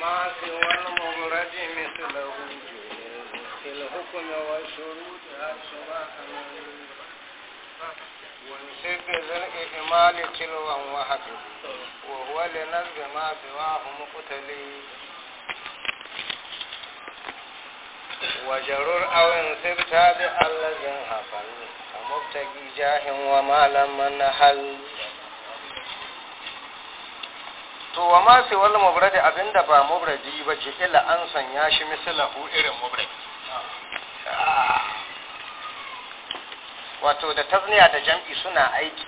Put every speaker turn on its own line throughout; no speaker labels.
وما سوى المبرد مثله في الحكم والشروط أشبه ونسب ذا تلوا وحده وهو لنزب ما سواه مقتلي وجرر أو انسب تابع الذي هفل كمبتقي جاه وما لم نحل to wa ma sai wal mubradi abinda ba mubradi ba ce illa an sanya shi misalahu irin mubradi wato da tazniya da jam'i suna aiki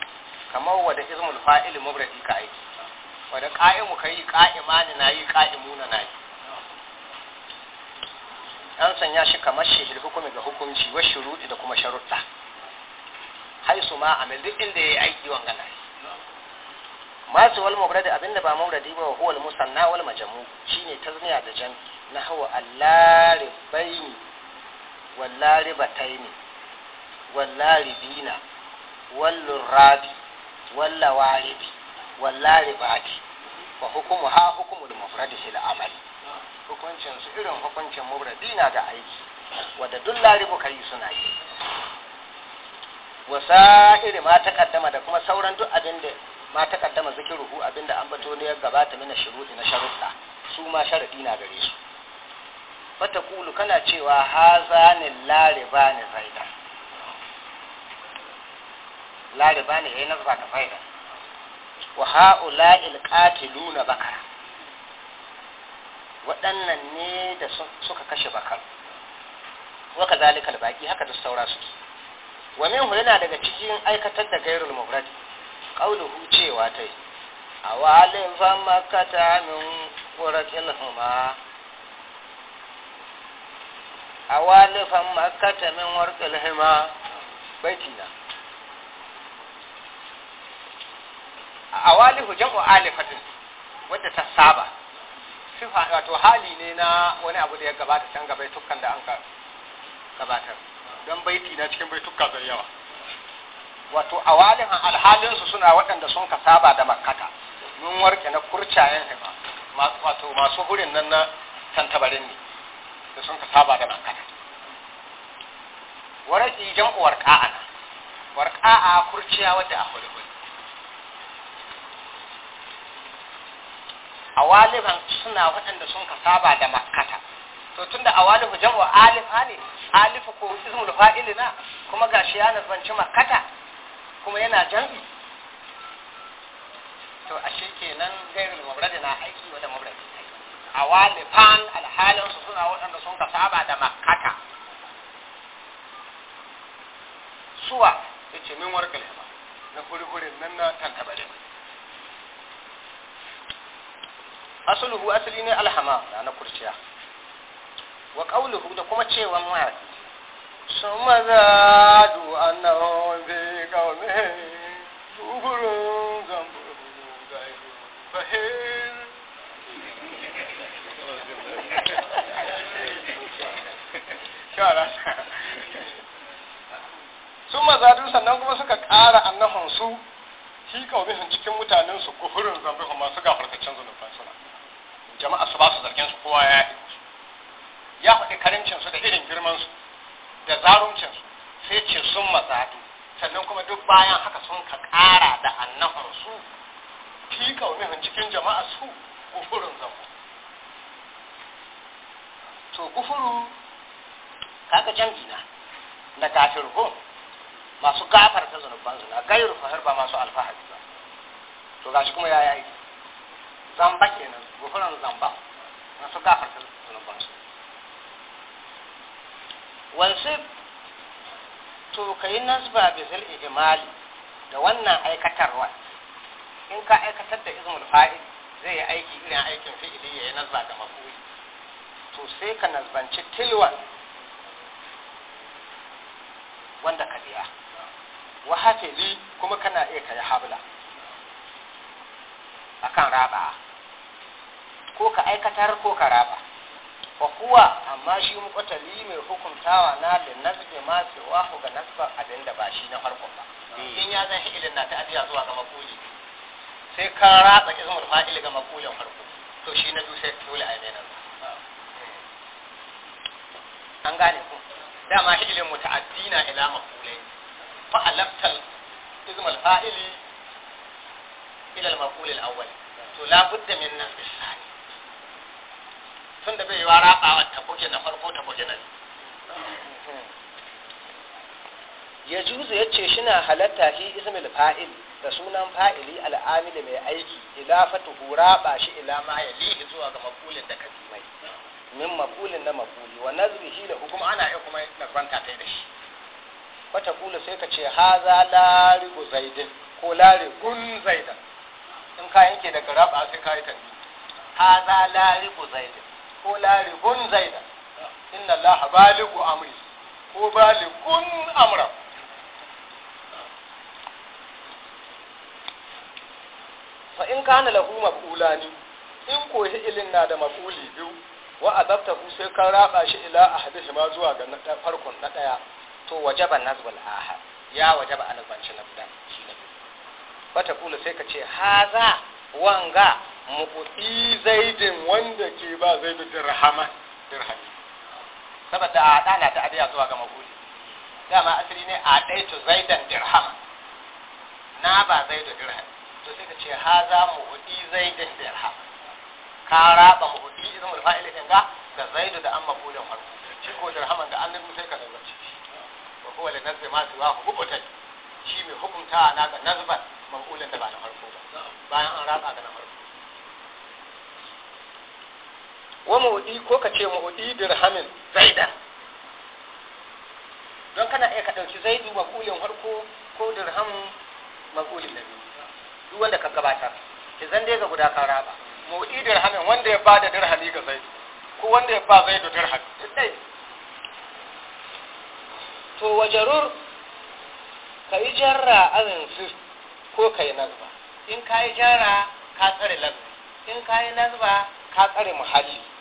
kamar wada izmul fa'il mubradi ka aiki wada qa'imu kai qa'imani nayi na nayi an sanya shi kamar shi shehil hukumi ga hukunci wa shurudi da kuma sharuɗa haisu ma amil duk inda yayi aiki wanga masu wal mubrad abinda ba mubradi ba huwa al musanna wal majmu shine tazniya da jam na hawa allaribaini wallaribataini wallaribina wallurabi wallawaribi wallaribati wa hukumu ha hukumu al mufrad fil amali hukuncin su irin hukuncin mubradi na ga aiki wadda duk laribu kai suna yi wasa iri ma ta kaddama da kuma sauran duk abin da ma ta kaddama zikiruhu abinda an bato ne ya gabata mina shuruti na sharuɗa su ma sharaɗi na gare su fata kulu kana cewa haza ne lariba ne zaidan lariba ne ya yi da wa ha'ula ilƙatilu na bakara waɗannan ne da suka kashe bakar waka zalikal baƙi haka da saura suke wa minhu yana daga cikin aikatar da gairul mubradi ƙaunuhu cewa ta yi a walin famakata min ƙuraƙin huma a walin famakata min warƙin huma na, a walihu jam'u alifatin wadda ta saba sifa wato hali ne na wani abu da ya gabata can gabai tukkan da an gabatar don baiti na cikin bai tukka zai yawa wato awalihan alhalinsu suna waɗanda sun ka saba da makata. mun warke na kurcayen hima wato masu hurin nan na tantabarin ne da sun ka saba da makkata wani jam'u warƙa'a na Warƙa'a kurciya wadda a a waliban suna waɗanda sun ka saba da makata. to tunda walihu jam'u alifa ne alifu ko ismul fa'ilina kuma gashi ya nazanci makata. kuma yana jam'i to ashe kenan gairul mubradi na aiki wa da mubradi a walifan alhalin su suna waɗanda sun ka saba da makata suwa ya ce min warka lema na hurhurin nan na tantabarin asuluhu asali ne alhama na na kurciya wa ƙauluhu da kuma cewa mawaki ثم زادوا أنهم في قومهم بكر زنبر غير بهير sun mazadu sannan kuma suka ƙara annahun su shi kaumihin cikin mutanensu su kufurin zambihu masu gafarkacin zunubin suna jama'a su ba su zargin su kowa ya ya faɗi karincin da irin girman su da zaruncinsu sai ce sun mazadu sannan kuma duk bayan haka sun ka ƙara da annahunsu fi ƙaunihin cikin jama'a su gufurin zama to gufuru kaga jam'i na na kafirgun masu ta zunuban zuna gairu fahar ba masu alfahari ba to gashi kuma ya yi zamba kenan gufurin zamba masu gafar ta zunuban zuna wansif to ka yi nasba bizil ijimali da wannan aikatarwa in ka aikatar da izmul fa'il zai yi aiki irin aikin fi'ili ya yi nasba da mafuli to sai ka nasbanci tilwan wanda ka biya wa hafili kuma kana iya ka habla akan raba ko ka aikatar ko ka raba wa kuwa amma shi mukatali mai hukuntawa na da nasbe ma cewa ga nasbar abin da ba shi na farkon ba eh. in ya zan fi'ilin na ta'adiyya zuwa ga makuli sai ka ratsa ismul fa'il ga makulin farko to shi na biyu sai dole a yanar eh. an gane ku dama fi'ilin muta'addina ila makulai fa alaftal ismul fa'ili ila al-maqul al-awwal to la budda min nasbi tun da bai yi wa rabawa ta na farko ta buge na ya juzu ya ce shina halatta shi ismil fa'il da sunan fa'ili al’amil mai aiki hura ba shi ila ma lihi zuwa ga makulin da kadimai min makulin na makuli wa shi da hukum ana iya kuma nazbanta ta da shi wata kula sai ka ce haza lari zaidin ko lari kun zaidan in ka yanke daga raba sai ka yi ha haza lari zaidin ko larigun zaida inna Laha baligu amri ko baligun amra fa in kana lahu maf'ulani in ko ilin na da maf'uli biyu wa azabta sai kan raba shi ila ahadihi ma zuwa ga farkon na daya to wajaba nazbul ahad ya wajaba an banci na guda shi ne fata kula sai ka ce haza wanga mukuɗi zaidin wanda ke ba zaidu dirhama dirhami saboda a ɗana ta adiya zuwa ga maguli dama asiri ne a ɗaitu zaidan dirhama na ba zaidu dirhami to sai ka ce ha za mukuɗi zaidin dirhama ka raba mukuɗi izin mulfa'il ɗin ga ga zaidu da an makulin farko shi ko dirhaman da an nirmu sai ka nazarci shi wa kowa da nazari masu yawa shi mai hukunta na ga nazban makulin da ba na farko ba bayan an raba ga na farko wa ma'udi ko ka ce ma'udi dirhamin zaidan don kana iya ka ɗauki zaidu ƙulin harko ko dirhamin maƙulin da duk wanda ka gabatar ki zan dai ga guda ka raba ma'udi dirhamin wanda ya ba da dirhami ga zaidu ko wanda ya ba zaidu dirhami to wajarur ka yi jarra azin sir ko ka yi nazba in ka yi jarra ka tsare lazba in ka yi nazba ka tsare muhalli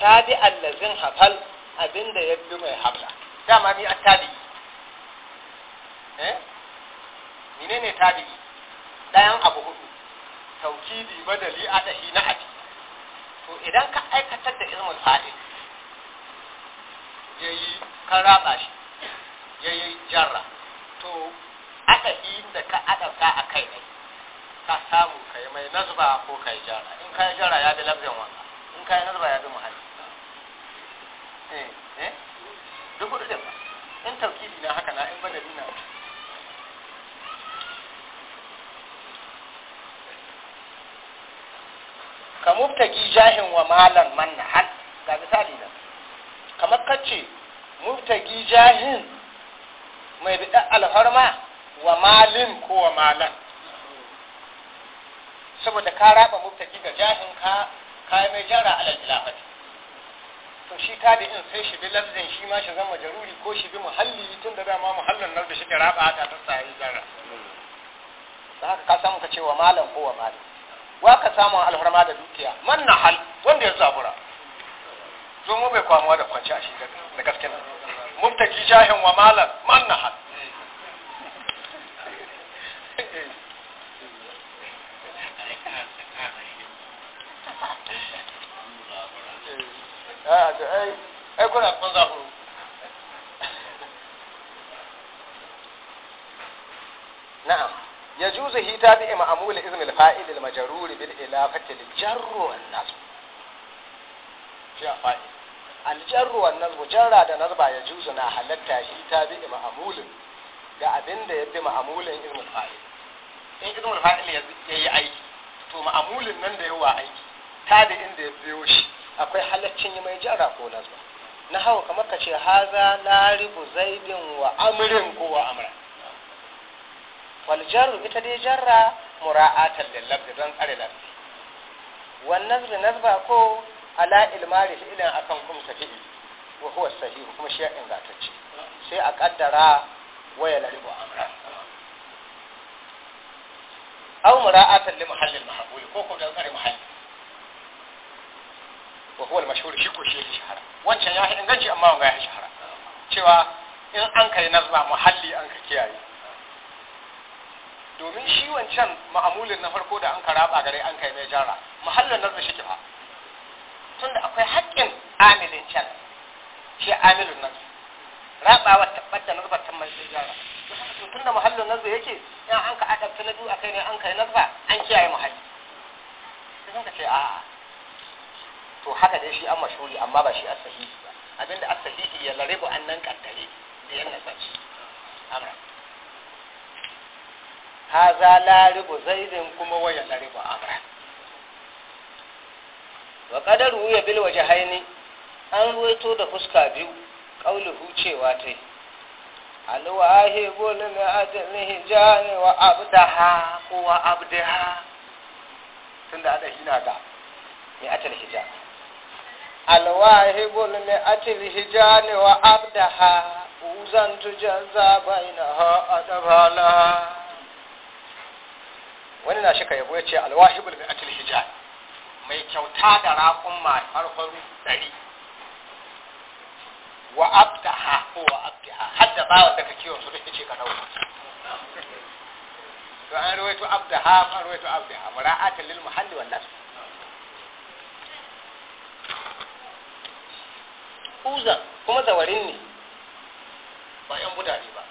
tabi allazin hafal abinda ya bi mai hafla dama ni attabi eh menene tabi ɗayan abu hudu taukidi badali adahi na haɗi, to idan ka aikatar da ilmul fa'il yayi kan raba shi yi jarra to adahi da ka a kai ne ka samu kai mai nazba ko kai jara in kai jarra ya bi lafzin wanka in kai nazba ya bi malam hal ga misali nan kamar kace mubtagi jahin mai bid'a alfarma wa malin ko wa malan saboda ka raba murtagi ga jahin ka kai mai jara alal ilafati to shi ka da in sai shi bi lafzin shi ma shi zama jaruri ko shi bi muhalli tun da dama muhallin nan da shi ke raba ta ta sai jara da haka ka samu ka ce wa malam ko wa malam wa ka samu alfarma da dukiya man hal. wanda ya zabura zo mu bai kwamuwa da kwanci a shi da gaske nan mubtaki jahin wa malan man nahal ai kuna kun zaɓu na'am ya juzu hita bi ma'amul izmil fa'il al majrur bil ilafati al jarr wan nasb sai a faɗi aljarru wannan jarra da nazba ya juzu na halatta shi ta bi ma'amulin ga abin da ya bi ma'amulin ilmul fa'il in ilmul fa'il ya yi aiki to ma'amulin nan da yawa aiki ta da inda ya biyo shi akwai halaccin yi mai jarra ko nazba na hawa kamar ka ce haza laribu zaidin wa amrin ko wa amra wal jarru ita dai jarra mura'atan lil lafzi don tsare Wannan wan nazba ko ala ilmari ilin akan kumsa fi'il wa huwa sahih kuma shi ya ingantacce sai a kaddara waya laribu amra aw mura'atan li mahalli al-mahbul ko ko dan kare mahalli wa huwa al-mashhur shi ko shi ya shahara wancan ya inganci amma wanga ya shahara cewa in an kai nazma mahalli an ka kiyaye domin shi wancan ma'amulin na farko da an karaba gare an kai mai jara mahallin nazma shi kifa tunda akwai haƙƙin amilin can shi amilun nan rabawa tabbat da nazar ta mai jara tunda muhallin nazar yake in an ka adabta na biyu akai ne an kai nazar an kiyaye muhalli sai sun ka ce to haka dai shi an mashuri amma ba shi as-sahihi ba abinda as-sahihi ya laribu annan kaddare da yan nasaci amra haza laribu zaidin kuma waya laribu amra wa qadar ya bil haini, an ruwaito da fuska biyu ta yi. tai mai qul li ajlihi ne wa ko wa tun tunda ada hina ga mai atal hija alwahi qul li ajlihi ne wa ha uzan ha a adabala wani na ka yabo yace alwahi qul li atal hijani mai kyauta da raƙun ma farfaru dari. wa abdaha ko wa abdaha har da bawa daga kiwon su duk ce ka dauka to an rawaito abdaha an rawaito abdaha mura'atan lil muhalli wal nas uza kuma zawarin ne ba yan ne ba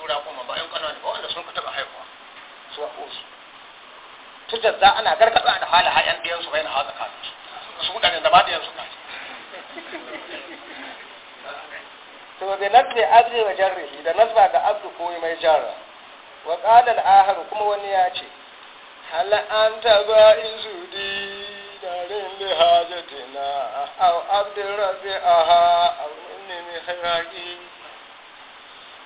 sura kuma ba yan kanani ba wanda sun ka taba haihuwa su wa uzu tujazza ana garka nasbi abdi wa jarrihi da nasba ga abdu ko mai jarra wa qala al-ahar kuma wani ya ce
hal anta ba'izu
di darin da hajatina aw abdi aha aw inni mi khairaki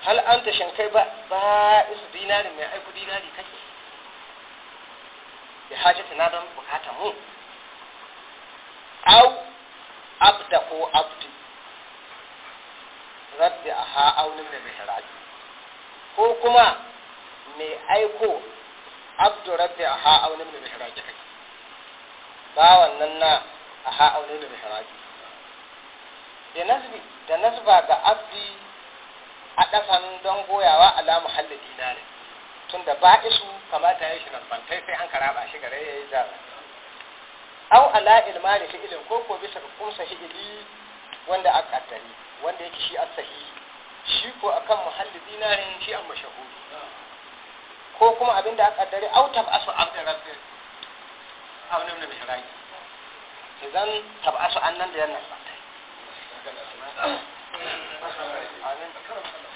hal anta shin kai ba ba'izu dinari mai aiku dinari kake bi hajatina don bukata mu aw abda ko abdi rabbi a ha'aunin da mihraj ko kuma mai aiko abdu rabbi a ha'aunin da mihraj kai Ba wannan na a ha'aunin da mihraj da nasbi da nasba ga abdi a ɗasan don goyawa ala muhalli ne. tun da ba isu kamata ya shi nasbantai sai an karaba shi gare ya yi jara au ala ilmani fi'ilin ko ko bisa ga kumsa fi'ili wanda aka kaddare wanda yake shi asahi shi ko akan muhalli dinarin shi an mashahuri ko kuma abinda aka a out of asu abda rabbi abu ne bi shirai idan tabasu annan da yannan sai amin